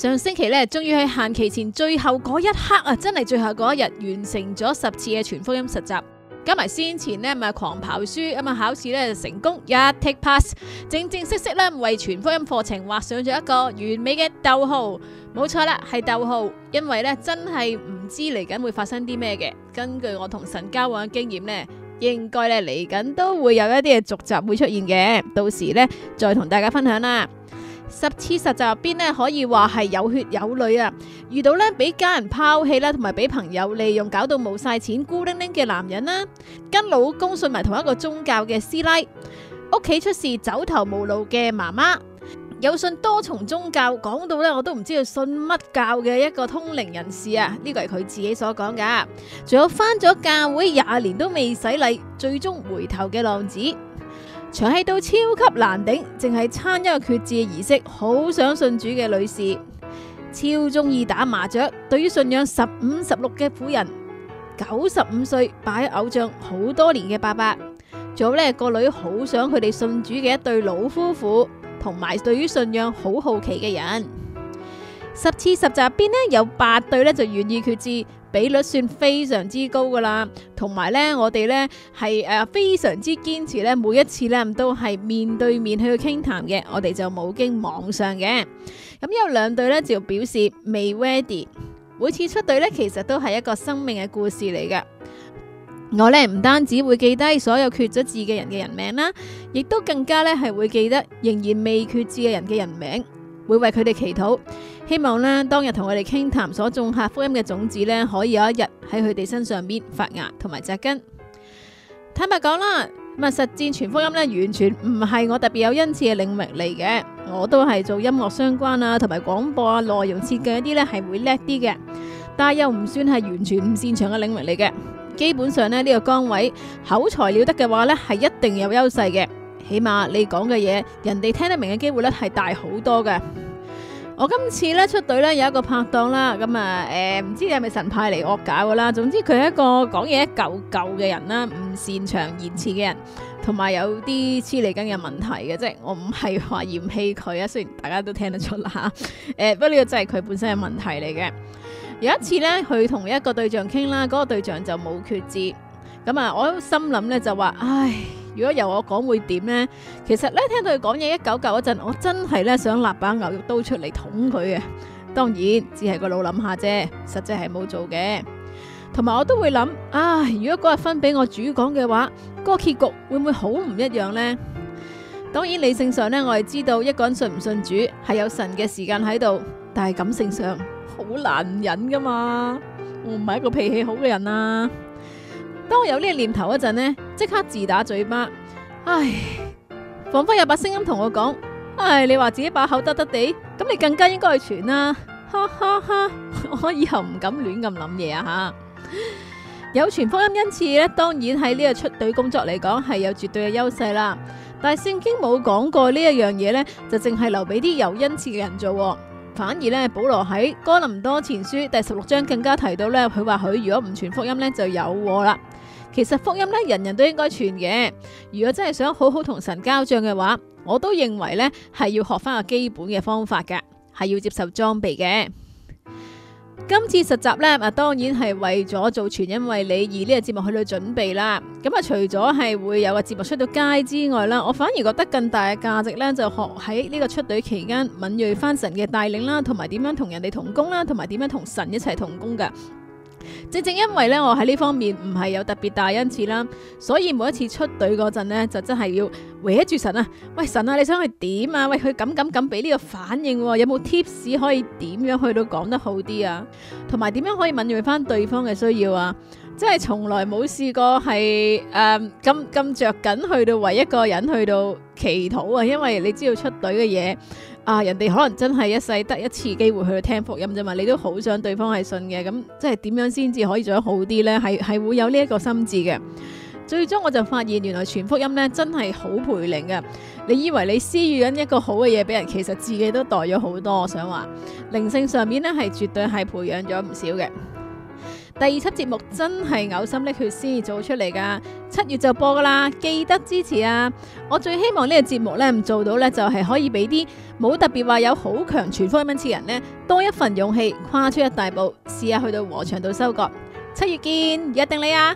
上星期咧，終於喺限期前最後嗰一刻啊，真係最後嗰一日完成咗十次嘅全福音實習，加埋先前咧咪狂跑書咁啊，考試咧成功一 take pass，正正式式咧為全福音課程畫上咗一個完美嘅逗號。冇錯啦，係逗號，因為咧真係唔知嚟緊會發生啲咩嘅。根據我同神交往嘅經驗咧，應該咧嚟緊都會有一啲嘅續集會出現嘅，到時咧再同大家分享啦。十次實習入邊咧，可以話係有血有淚啊！遇到咧俾家人拋棄啦，同埋俾朋友利用，搞到冇晒錢，孤零零嘅男人啦，跟老公信埋同一個宗教嘅師奶，屋企出事走投無路嘅媽媽，有信多重宗教，講到咧我都唔知佢信乜教嘅一個通靈人士啊！呢個係佢自己所講噶，仲有翻咗教會廿年都未洗禮，最終回頭嘅浪子。長氣到超級難頂，淨係參一個決志嘅儀式，好想信主嘅女士，超中意打麻雀，對於信仰十五十六嘅婦人，九十五歲擺咗偶像好多年嘅伯伯，仲有咧個女好想佢哋信主嘅一對老夫婦，同埋對於信仰好好奇嘅人，十次十集入邊呢有八對呢就願意決志。比率算非常之高噶啦，同埋呢，我哋呢係誒非常之堅持呢每一次呢，都係面對面去傾談嘅，我哋就冇經網上嘅。咁有兩對呢，就表示未 ready。每次出隊呢，其實都係一個生命嘅故事嚟噶。我呢，唔單止會記低所有缺咗字嘅人嘅人名啦，亦都更加呢，係會記得仍然未缺字嘅人嘅人名。會為佢哋祈禱，希望咧當日同佢哋傾談所種下福音嘅種子咧，可以有一日喺佢哋身上邊發芽同埋紮根。坦白講啦，咁啊實踐傳福音咧，完全唔係我特別有恩賜嘅領域嚟嘅。我都係做音樂相關啊，同埋廣播啊，內容設計一啲咧係會叻啲嘅，但係又唔算係完全唔擅長嘅領域嚟嘅。基本上咧呢個崗位口才了得嘅話咧，係一定有優勢嘅。起碼你講嘅嘢，人哋聽得明嘅機會咧係大好多嘅。我今次咧出隊咧有一個拍檔啦，咁啊誒，唔知你係咪神派嚟惡搞噶啦，總之佢係一個講嘢一嚿嚿嘅人啦，唔擅長言辭嘅人，同埋有啲黐脷根嘅問題嘅，即係我唔係話嫌棄佢啊，雖然大家都聽得出啦吓，誒、嗯，不過呢個真係佢本身嘅問題嚟嘅。有一次咧，佢同一個對象傾啦，嗰、那個對象就冇決志。咁、嗯、啊，我心諗咧就話，唉。如果由我講會點呢？其實咧聽到佢講嘢一九九嗰陣，我真係咧想立把牛肉刀出嚟捅佢啊。當然，只係個腦諗下啫，實際係冇做嘅。同埋我都會諗，唉、啊，如果嗰日分俾我主講嘅話，個結局會唔會好唔一樣呢？當然理性上呢，我係知道一個人信唔信主係有神嘅時間喺度，但係感性上好難忍噶嘛。我唔係一個脾氣好嘅人啊。當我有呢個念頭嗰陣呢，即刻自打嘴巴，唉，仿佛有把聲音同我講，唉，你話自己把口得得地，咁你更加應該去傳啦，哈哈哈！我以後唔敢亂咁諗嘢啊吓！有傳福音恩賜呢，當然喺呢個出隊工作嚟講係有絕對嘅優勢啦。但係聖經冇講過呢一樣嘢呢，就淨係留俾啲有恩賜嘅人做。反而呢，保羅喺哥林多前書第十六章更加提到呢，佢話佢如果唔傳福音呢，就有禍啦。其實福音咧，人人都應該傳嘅。如果真係想好好同神交賬嘅話，我都認為咧係要學翻個基本嘅方法噶，係要接受裝備嘅。今次實習咧，啊，當然係為咗做傳，因為你而呢個節目去到準備啦。咁啊，除咗係會有個節目出到街之外啦，我反而覺得更大嘅價值咧，就學喺呢個出隊期間，敏銳翻神嘅帶領啦，同埋點樣同人哋同工啦，同埋點樣同神一齊同工噶。正正因為咧，我喺呢方面唔係有特別大恩賜啦，所以每一次出隊嗰陣呢，就真係要搲住神啊！喂神啊，你想去點啊？喂佢噉噉噉俾呢個反應，有冇 tips 可以點樣去到講得好啲啊？同埋點樣可以敏銳翻對方嘅需要啊？真係從來冇試過係誒咁咁着緊去到為一個人去到祈禱啊！因為你知道出隊嘅嘢啊，人哋可能真係一世得一次機會去聽福音啫嘛，你都好想對方係信嘅，咁即係點樣先至可以做得好啲呢？係係會有呢一個心智嘅。最終我就發現，原來傳福音呢真係好培靈嘅。你以為你施予緊一個好嘅嘢俾人，其實自己都代咗好多。我想話靈性上面呢係絕對係培養咗唔少嘅。第二輯節目真係嘔心瀝血先做出嚟噶，七月就播噶啦，記得支持啊！我最希望呢個節目呢唔做到呢就係可以俾啲冇特別話有好強全方位支持人呢，多一份勇氣跨出一大步，試下去到禾場度收割。七月見，約定你啊！